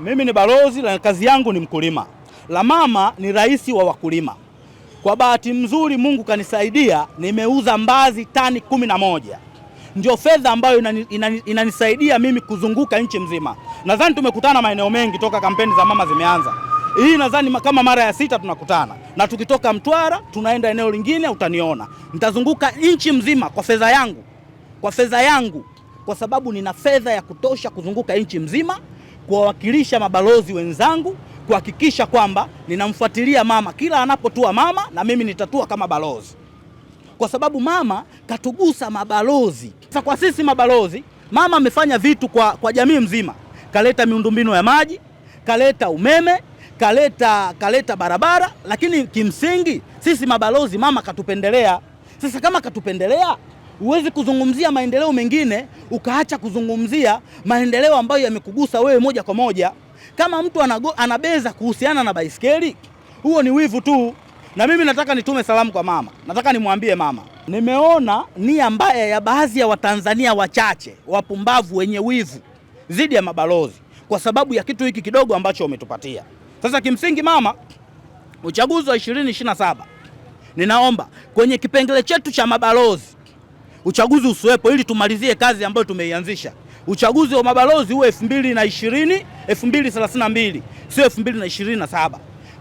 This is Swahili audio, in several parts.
Mimi ni balozi na kazi yangu ni mkulima. La mama ni rais wa wakulima. Kwa bahati mzuri Mungu kanisaidia, nimeuza mbazi tani kumi na moja ndio fedha ambayo inanisaidia inani, inani mimi kuzunguka nchi mzima. Nadhani tumekutana maeneo mengi toka kampeni za mama zimeanza. Hii nadhani kama mara ya sita tunakutana, na tukitoka Mtwara tunaenda eneo lingine, utaniona nitazunguka nchi mzima kwa fedha yangu, kwa fedha yangu, kwa sababu nina fedha ya kutosha kuzunguka nchi mzima kuwawakilisha mabalozi wenzangu kuhakikisha kwamba ninamfuatilia mama kila anapotua mama, na mimi nitatua kama balozi, kwa sababu mama katugusa mabalozi. Sasa kwa sisi mabalozi, mama amefanya vitu kwa, kwa jamii mzima, kaleta miundombinu ya maji, kaleta umeme, kaleta, kaleta barabara, lakini kimsingi sisi mabalozi mama katupendelea. Sasa kama katupendelea Huwezi kuzungumzia maendeleo mengine ukaacha kuzungumzia maendeleo ambayo yamekugusa wewe moja kwa moja. Kama mtu anago, anabeza kuhusiana na baiskeli, huo ni wivu tu. Na mimi nataka nitume salamu kwa mama, nataka nimwambie mama, nimeona nia mbaya ya baadhi ya Watanzania wachache wapumbavu wenye wivu dhidi ya mabalozi kwa sababu ya kitu hiki kidogo ambacho umetupatia. Sasa kimsingi, mama, uchaguzi wa 2027 ninaomba kwenye kipengele chetu cha mabalozi uchaguzi usiwepo, ili tumalizie kazi ambayo tumeianzisha. Uchaguzi wa mabalozi uwe 2020 2032, sio 2027,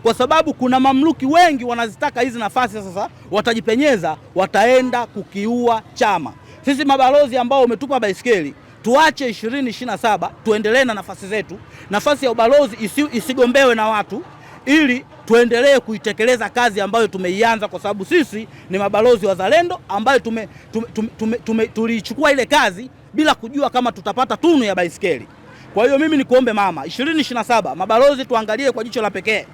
kwa sababu kuna mamluki wengi wanazitaka hizi nafasi. Sasa watajipenyeza, wataenda kukiua chama. Sisi mabalozi ambao umetupa baisikeli tuache 2027 tuendelee na nafasi zetu. Nafasi ya ubalozi isi, isigombewe na watu ili tuendelee kuitekeleza kazi ambayo tumeianza, kwa sababu sisi ni mabalozi wazalendo ambayo tume, tume, tume, tume, tume, tuliichukua ile kazi bila kujua kama tutapata tunu ya baisikeli. Kwa hiyo mimi nikuombe mama, 2027 mabalozi tuangalie kwa jicho la pekee.